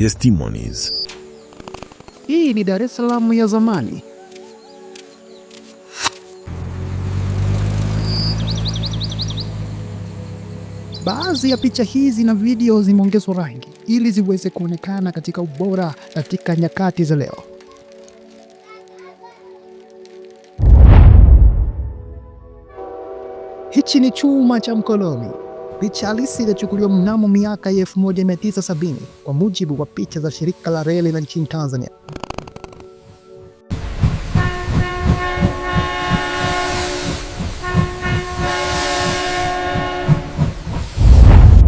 Testimonies. Hii ni Dar es Salaam ya zamani. Baadhi ya picha hizi na video zimeongezwa rangi ili ziweze kuonekana katika ubora katika nyakati za leo. Hichi ni chuma cha mkoloni. Picha halisi ilichukuliwa mnamo miaka ya 1970 kwa mujibu wa picha za shirika la reli la nchini Tanzania.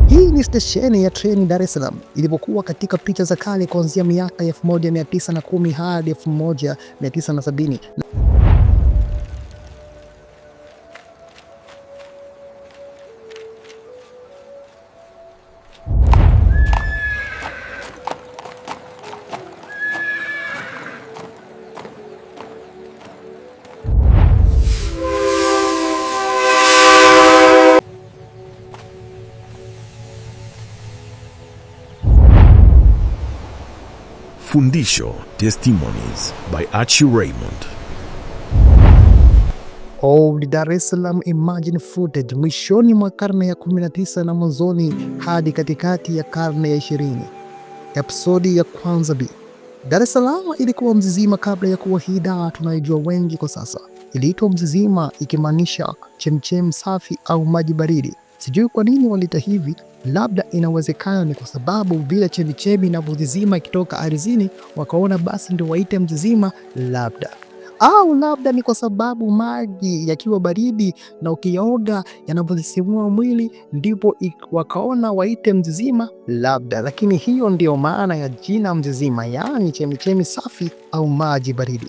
Hii ni stesheni ya treni Dar es Salaam ilipokuwa katika picha za kale kuanzia miaka 1910 hadi 1970. Fundisho Testimonies by Archie Raymond. Old Dar es Salaam Imagine Footage mwishoni mwa karne ya 19 na mwanzoni hadi katikati ya karne ya 20. Episodi ya kwanza B. Dar es Salaam ilikuwa Mzizima kabla ya kuwa hii daa tunayojua wengi kwa sasa. Iliitwa Mzizima ikimaanisha chemchem safi au maji baridi. Sijui kwa nini waliita hivi, Labda inawezekana ni kwa sababu vile chemichemi na vuzizima ikitoka ardhini, wakaona basi ndio waite mzizima, labda au labda ni kwa sababu maji yakiwa baridi na ukioga yanavyosimua mwili, ndipo wakaona waite mzizima labda. Lakini hiyo ndiyo maana ya jina mzizima, yaani chemichemi safi au maji baridi.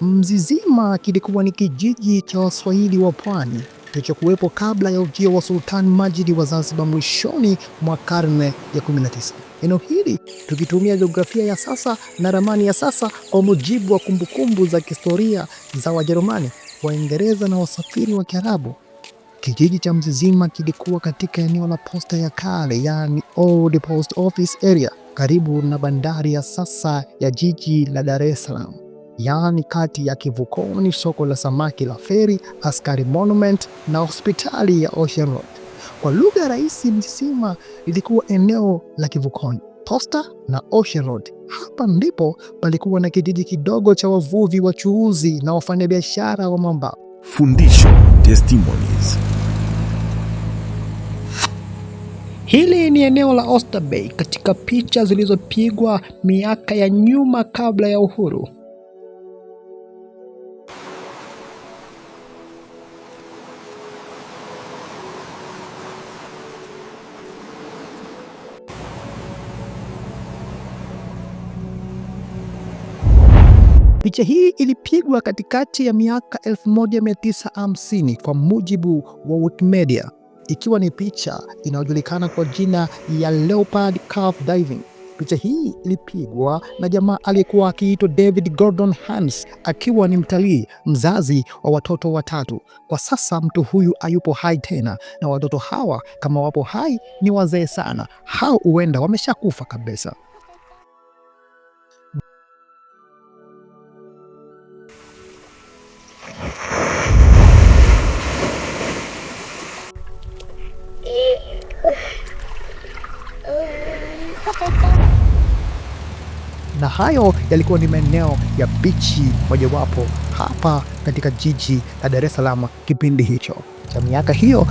Mzizima kilikuwa ni kijiji cha Waswahili wa pwani kilichokuwepo kabla ya ujio wa sultan Majid wa Zanzibar mwishoni mwa karne ya 19. Eneo hili tukitumia jiografia ya sasa na ramani ya sasa kwa mujibu wa kumbukumbu za kihistoria za Wajerumani, Waingereza na wasafiri wa Kiarabu. Kijiji cha Mzizima kilikuwa katika eneo la posta ya kale, yani Old Post Office Area, karibu na bandari ya sasa ya jiji la Dar es Salaam yaani kati ya kivukoni, soko la samaki la Feri, Askari Monument na hospitali ya Ocean Road. Kwa lugha rahisi, Mjisima ilikuwa eneo la kivukoni Posta na Ocean Road. Hapa ndipo palikuwa na kijiji kidogo cha wavuvi, wachuuzi na wafanyabiashara wa mamba. Fundisho Testimonies. Hili ni eneo la Oyster Bay katika picha zilizopigwa miaka ya nyuma kabla ya uhuru. Picha hii ilipigwa katikati ya miaka 1950 kwa mujibu wa Wikimedia, ikiwa ni picha inayojulikana kwa jina ya leopard calf diving. Picha hii ilipigwa na jamaa aliyekuwa akiitwa David Gordon Hans akiwa ni mtalii, mzazi wa watoto watatu. Kwa sasa mtu huyu hayupo hai tena, na watoto hawa kama wapo hai ni wazee sana, hao huenda wameshakufa kabisa. Na hayo yalikuwa ni maeneo ya bichi mojawapo hapa katika jiji la Dar es Salaam kipindi hicho cha miaka hiyo.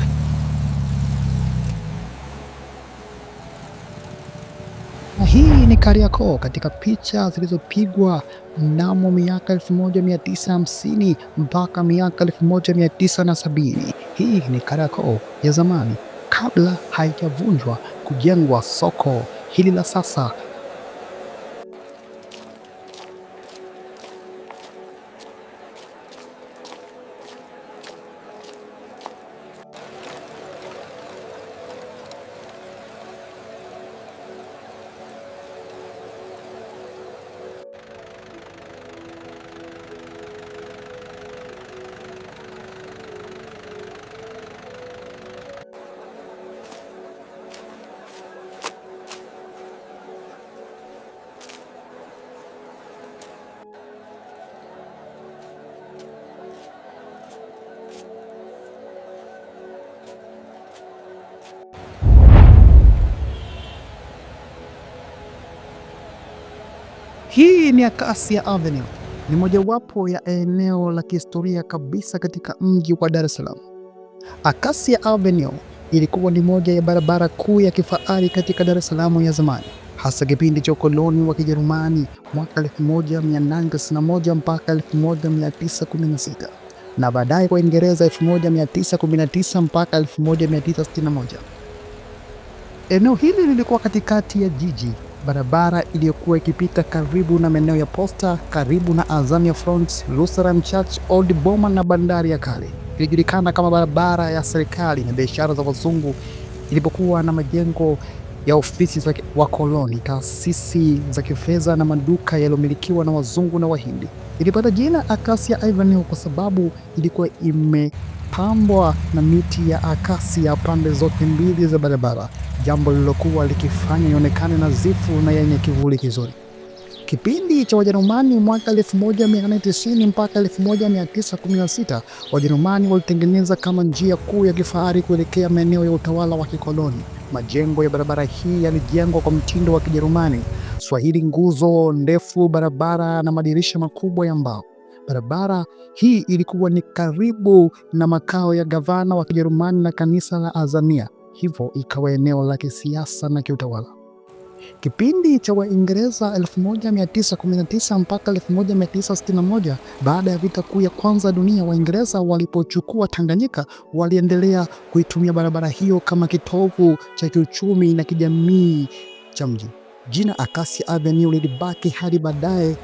Na hii Mkoani Kariakoo katika picha zilizopigwa mnamo miaka 1950 mpaka miaka 1970. Hii ni Kariakoo ya zamani kabla haijavunjwa kujengwa soko hili la sasa Chini ya Kasia Avenue ni mojawapo ya eneo la kihistoria kabisa katika mji wa Dar es Salaam. Acacia Avenue ilikuwa ni moja ya barabara kuu ya kifahari katika Dar es Salaam ya zamani, hasa kipindi cha ukoloni wa Kijerumani mwaka 1891 mpaka 1916 na baadaye kwa Uingereza 1919 mpaka 1961. Eneo hili lilikuwa katikati ya jiji barabara iliyokuwa ikipita karibu na maeneo ya posta karibu na Azamia Front, Lusaram Church, Old Boma na bandari ya kale. Ilijulikana kama barabara ya serikali na biashara za wazungu ilipokuwa na majengo ya ofisi za wakoloni, taasisi za kifedha na maduka yaliyomilikiwa na wazungu na Wahindi. Ilipata jina Acacia Avenue kwa sababu ilikuwa imepambwa na miti ya akasia pande zote mbili za barabara, jambo lililokuwa likifanya ionekane nadhifu na yenye kivuli kizuri. Kipindi cha Wajerumani mwaka 1890 mpaka 1916, Wajerumani walitengeneza kama njia kuu ya kifahari kuelekea maeneo ya utawala wa kikoloni. Majengo ya barabara hii yalijengwa kwa mtindo wa Kijerumani, Swahili, nguzo ndefu, barabara na madirisha makubwa ya mbao. Barabara hii ilikuwa ni karibu na makao ya gavana wa Kijerumani na kanisa la Azamia, hivyo ikawa eneo la kisiasa na kiutawala. Kipindi cha Waingereza 1919 mpaka 1961, baada ya vita kuu ya kwanza dunia, Waingereza walipochukua Tanganyika, waliendelea kuitumia barabara hiyo kama kitovu cha kiuchumi na kijamii cha mji. Jina Acacia Avenue lilibaki hadi baadaye,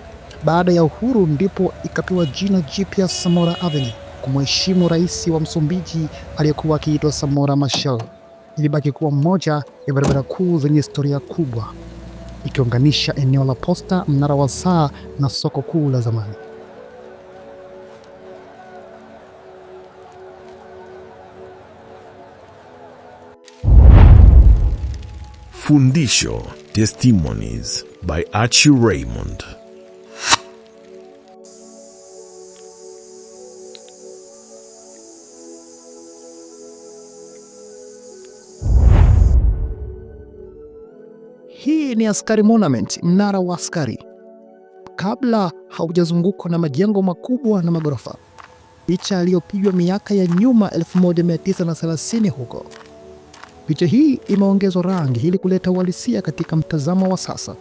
baada ya uhuru, ndipo ikapewa jina jipya Samora Avenue, kumheshimu rais wa Msumbiji aliyekuwa akiitwa Samora Machel ilibaki kuwa mmoja ya barabara kuu zenye historia kubwa, ikiunganisha eneo la posta, mnara wa saa na soko kuu la zamani. Fundisho Testimonies by Archie Raymond. Hii ni Askari Monument, mnara wa askari, kabla haujazungukwa na majengo makubwa na magorofa. Picha iliyopigwa miaka ya nyuma 1930 huko. Picha hii imeongezwa rangi ili kuleta uhalisia katika mtazamo wa sasa.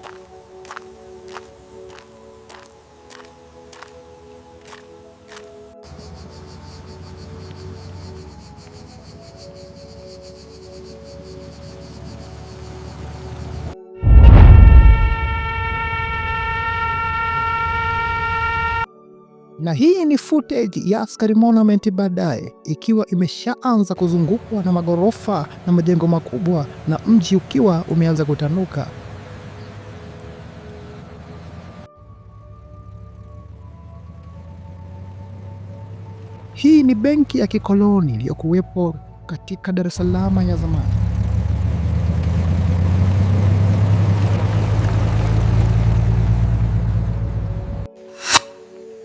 na hii ni footage ya askari monument baadaye, ikiwa imeshaanza kuzungukwa na maghorofa na majengo makubwa na mji ukiwa umeanza kutanuka. Hii ni benki ya kikoloni iliyokuwepo katika Dar es Salaam ya zamani.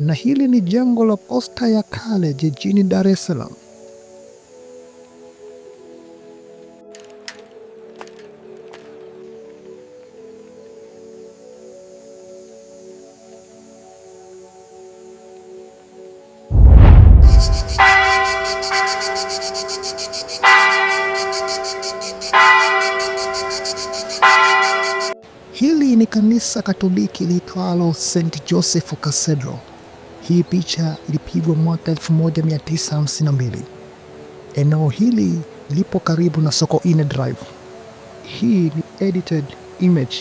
na hili ni jengo la posta ya kale jijini Dar es Salaam. Hili ni kanisa Katoliki liitwalo St Joseph Cathedral. Hii picha ilipigwa mwaka 1952. Eneo hili lipo karibu na soko ine drive. Hii ni edited image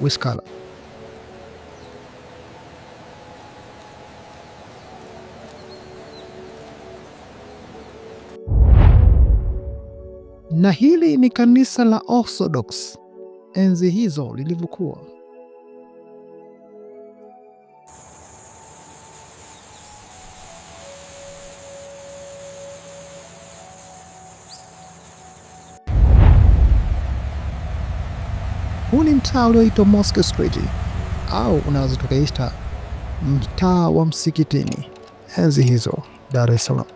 with color. Na hili ni kanisa la Orthodox enzi hizo lilivyokuwa. ni mtaa ulioitwa Mosque Street au unaweza tukaita mtaa wa msikitini enzi hizo Dar es Salaam.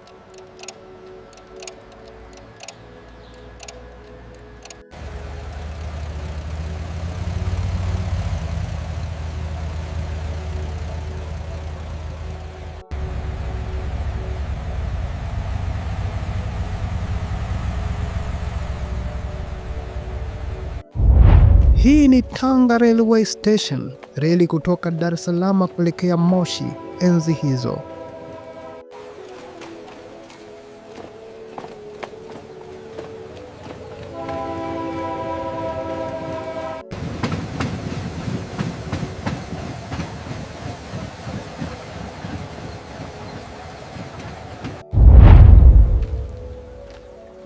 Hii ni Tanga Railway Station, reli kutoka Dar es Salaam kuelekea Moshi enzi hizo.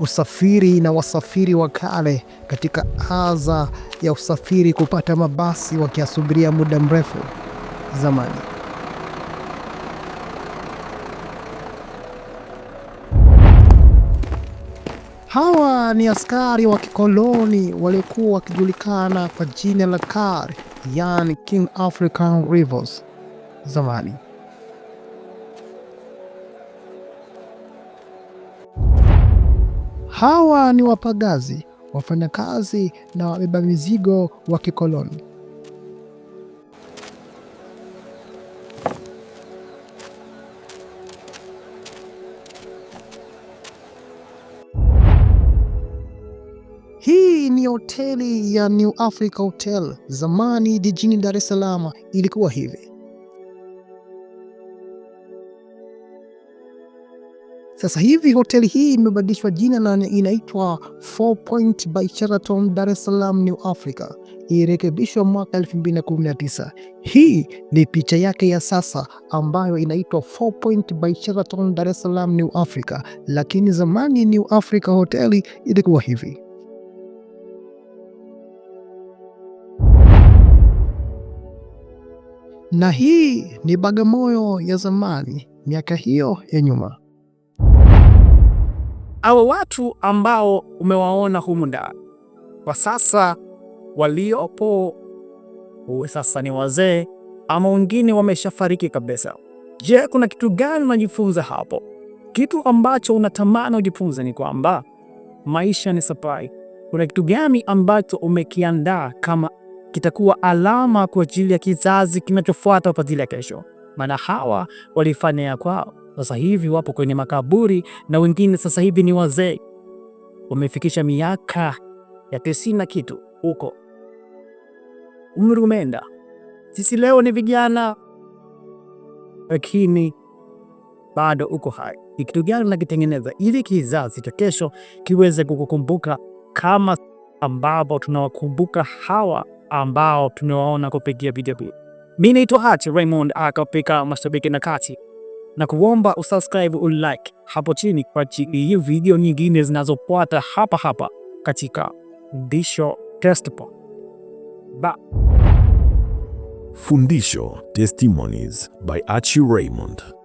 usafiri na wasafiri wa kale katika adha ya usafiri kupata mabasi wakiyasubiria muda mrefu zamani. Hawa ni askari wa kikoloni waliokuwa wakijulikana kwa jina la KAR, yani King African Rivers zamani. Hawa ni wapagazi, wafanyakazi na wabeba mizigo wa kikoloni. Hii ni hoteli ya New Africa Hotel, zamani jijini Dar es Salaam ilikuwa hivi. Sasa hivi hoteli hii imebadilishwa jina na inaitwa Four Point by Sheraton Dar es Salaam New Africa, ilirekebishwa mwaka 2019. Hii ni picha yake ya sasa ambayo inaitwa Four Point by Sheraton Dar es Salaam New Africa, lakini zamani New Africa hoteli ilikuwa hivi. Na hii ni Bagamoyo ya zamani, miaka hiyo ya nyuma awe watu ambao umewaona humu ndani kwa sasa waliopo, uwe sasa ni wazee ama wengine wameshafariki kabisa. Je, kuna kitu gani unajifunza hapo? Kitu ambacho unatamani ujifunze ni kwamba maisha ni safari. Kuna kitu gani ambacho umekiandaa kama kitakuwa alama kwa ajili ya kizazi kinachofuata, kwa ajili ya kesho? Maana hawa walifanya kwao sasa hivi wapo kwenye makaburi na wengine sasa hivi ni wazee, wamefikisha miaka ya tisini na kitu huko, umri umeenda. Sisi leo ni vijana, lakini bado uko hai. Ni kitu gani nakitengeneza ili kizazi cha kesho kiweze kukukumbuka kama ambavyo tunawakumbuka hawa ambao tunawaona kupigia video hii? Mi naitwa Hachi Raymond akapika mashabiki na kati na kuomba usubscribe, ulike hapo chini kwa ajili ya video nyingine zinazofuata hapa hapa katika Fundisho Testpo. Ba. Fundisho Testimonies by Archie Raymond.